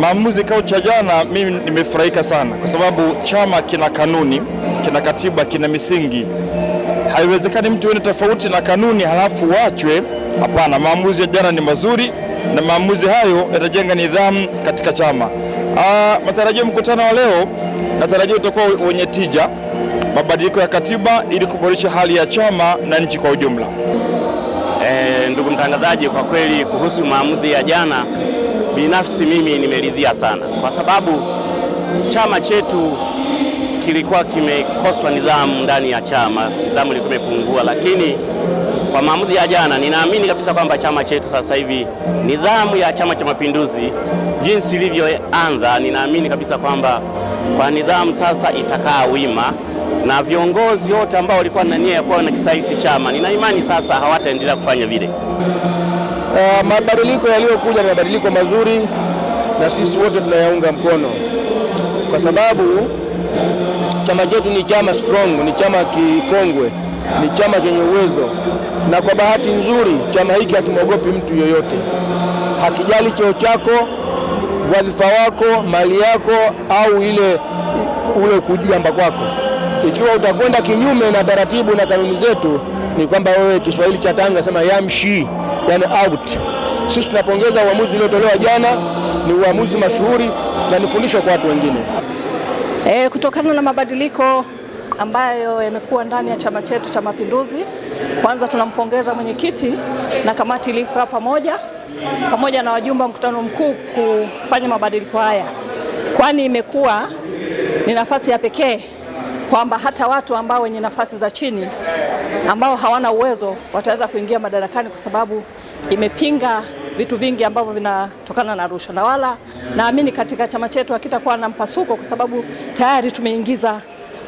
Maamuzi kao cha jana, mimi nimefurahika sana, kwa sababu chama kina kanuni, kina katiba, kina misingi. Haiwezekani mtu ene tofauti na kanuni halafu wachwe. Hapana, maamuzi ya jana ni mazuri na maamuzi hayo yatajenga nidhamu katika chama. Aa, ah, matarajio mkutano wa leo natarajia utakuwa wenye tija, mabadiliko ya katiba ili kuboresha hali ya chama na nchi kwa ujumla. E, ndugu mtangazaji, kwa kweli kuhusu maamuzi ya jana binafsi mimi nimeridhia sana, kwa sababu chama chetu kilikuwa kimekoswa nidhamu ndani ya chama, nidhamu ilikuwa imepungua, lakini kwa maamuzi ya jana, ninaamini kabisa kwamba chama chetu sasa hivi, nidhamu ya Chama cha Mapinduzi jinsi ilivyoanza, ninaamini kabisa kwamba kwa nidhamu sasa itakaa wima, na viongozi wote ambao walikuwa na nia ya kuwa na kisaiti chama, nina imani sasa hawataendelea kufanya vile. Uh, mabadiliko yaliyokuja ni mabadiliko mazuri na sisi wote tunayaunga mkono, kwa sababu chama chetu ni chama strong, ni chama kikongwe, ni chama chenye uwezo, na kwa bahati nzuri chama hiki hakimwogopi mtu yoyote, hakijali cheo chako, wadhifa wako, mali yako au ile ule kujigamba kwako. Ikiwa utakwenda kinyume na taratibu na kanuni zetu, ni kwamba wewe, Kiswahili cha Tanga sema yamshi yani out. Sisi tunapongeza uamuzi uliotolewa jana, ni uamuzi mashuhuri na ni fundisho kwa watu wengine. E, kutokana na mabadiliko ambayo yamekuwa ndani ya chama chetu cha Mapinduzi, kwanza tunampongeza mwenyekiti na kamati iliyokaa pamoja pamoja na wajumbe wa mkutano mkuu kufanya mabadiliko haya, kwani imekuwa ni nafasi ya pekee kwamba hata watu ambao wenye nafasi za chini ambao hawana uwezo wataweza kuingia madarakani kwa sababu imepinga vitu vingi ambavyo vinatokana na rushwa, na wala naamini katika chama chetu hakitakuwa na mpasuko, kwa sababu tayari tumeingiza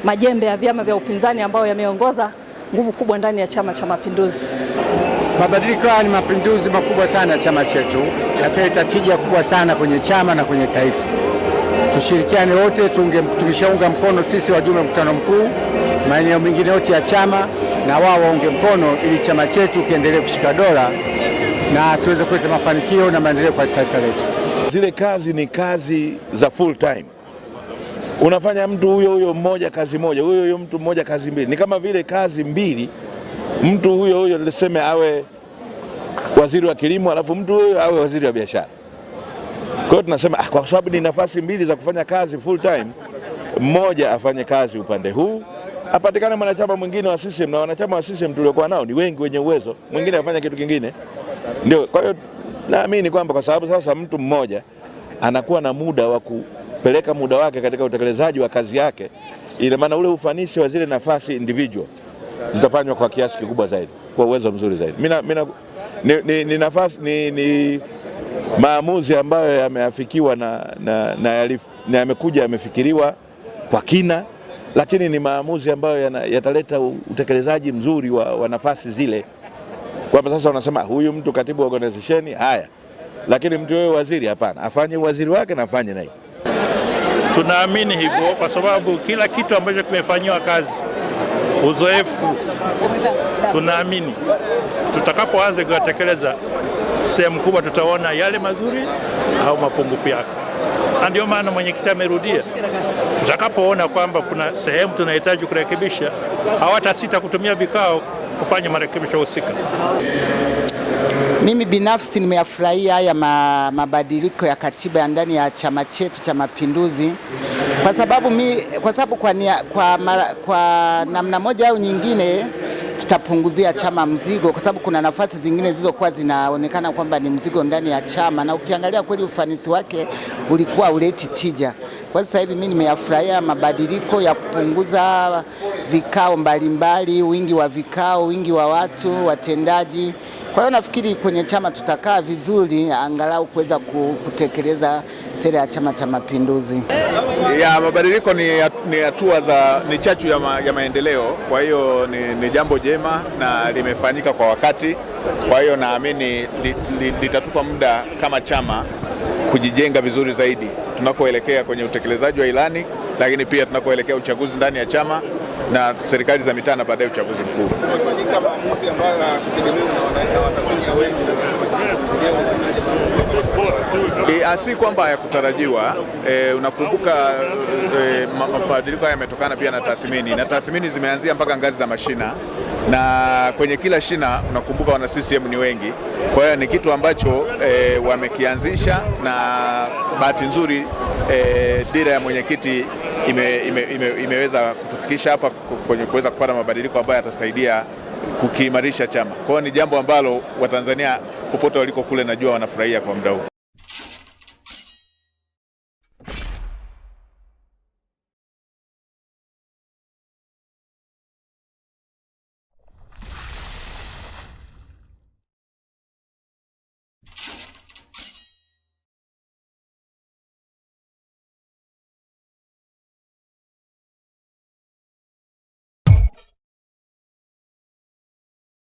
majembe ya vyama vya upinzani ambayo yameongoza nguvu kubwa ndani ya Chama cha Mapinduzi. Mabadiliko haya ni mapinduzi makubwa sana ya chama chetu, yataleta tija kubwa sana kwenye chama na kwenye taifa. Tushirikiane wote, tumeshaunga mkono sisi wajumbe mkutano mkuu, maeneo mengine yote ya chama na wao waunge mkono, ili chama chetu kiendelee kushika dola na tuweze kuleta mafanikio na maendeleo kwa taifa letu. Zile kazi ni kazi za full time, unafanya mtu huyo huyo mmoja kazi moja, huyo huyo mtu mmoja kazi mbili. Ni kama vile kazi mbili, mtu huyo huyo tuseme awe waziri wa kilimo, alafu mtu huyo awe waziri wa biashara. Kwa hiyo tunasema ah, kwa sababu ni nafasi mbili za kufanya kazi full time, mmoja afanye kazi upande huu apatikane mwanachama mwingine wa CCM na wanachama wa CCM tuliokuwa nao ni wengi wenye uwezo, mwingine afanya kitu kingine. Ndio, kwa hiyo naamini kwamba kwa sababu sasa mtu mmoja anakuwa na muda wa kupeleka muda wake katika utekelezaji wa kazi yake, ina maana ule ufanisi wa zile nafasi individual zitafanywa kwa kiasi kikubwa zaidi, kwa uwezo mzuri zaidi. mina, ni, ni, ni, nafasi, ni, ni maamuzi ambayo yameafikiwa na, na, na, na yamekuja yamefikiriwa kwa kina, lakini ni maamuzi ambayo yataleta utekelezaji mzuri wa, wa nafasi zile kwamba sasa wanasema huyu mtu katibu wa organization haya, lakini mtu wewe waziri hapana, afanye waziri wake na afanye naye. Tunaamini hivyo kwa sababu kila kitu ambacho kimefanyiwa kazi uzoefu, tunaamini tutakapoanza kuyatekeleza sehemu kubwa tutaona yale mazuri au mapungufu yake, na ndio maana mwenyekiti amerudia, tutakapoona kwamba kuna sehemu tunahitaji kurekebisha, hawatasita kutumia vikao kufanya marekebisho husika. Mimi binafsi nimeyafurahia haya mabadiliko ya katiba ya ndani ya chama chetu cha Mapinduzi kwa sababu mi, kwa sababu kwa, kwa, kwa namna moja au nyingine tutapunguzia chama mzigo, kwa sababu kuna nafasi zingine zilizokuwa zinaonekana kwamba ni mzigo ndani ya chama, na ukiangalia kweli ufanisi wake ulikuwa uleti tija. Kwa sasa hivi mimi nimeyafurahia mabadiliko ya kupunguza vikao mbalimbali, wingi wa vikao, wingi wa watu watendaji. Kwa hiyo nafikiri kwenye chama tutakaa vizuri angalau kuweza kutekeleza sera ya Chama cha Mapinduzi. Ya mabadiliko ni hatua za ni chachu ya, ma, ya maendeleo. Kwa hiyo ni, ni jambo jema na limefanyika kwa wakati. Kwa hiyo naamini litatupa li, li, muda kama chama kujijenga vizuri zaidi tunakoelekea kwenye utekelezaji wa ilani, lakini pia tunakoelekea uchaguzi ndani ya chama na serikali za mitaa na baadaye uchaguzi mkuu. E, asi kwamba hayakutarajiwa. E, unakumbuka e, mabadiliko haya yametokana pia na tathmini, na tathmini zimeanzia mpaka ngazi za mashina na kwenye kila shina unakumbuka wana CCM ni wengi, kwa hiyo ni kitu ambacho e, wamekianzisha na bahati nzuri e, dira ya mwenyekiti ime, ime, ime, imeweza kufikisha hapa kwenye kuweza kupata mabadiliko ambayo yatasaidia kukiimarisha chama. Kwa hiyo ni jambo ambalo Watanzania popote waliko kule najua wanafurahia kwa muda huu.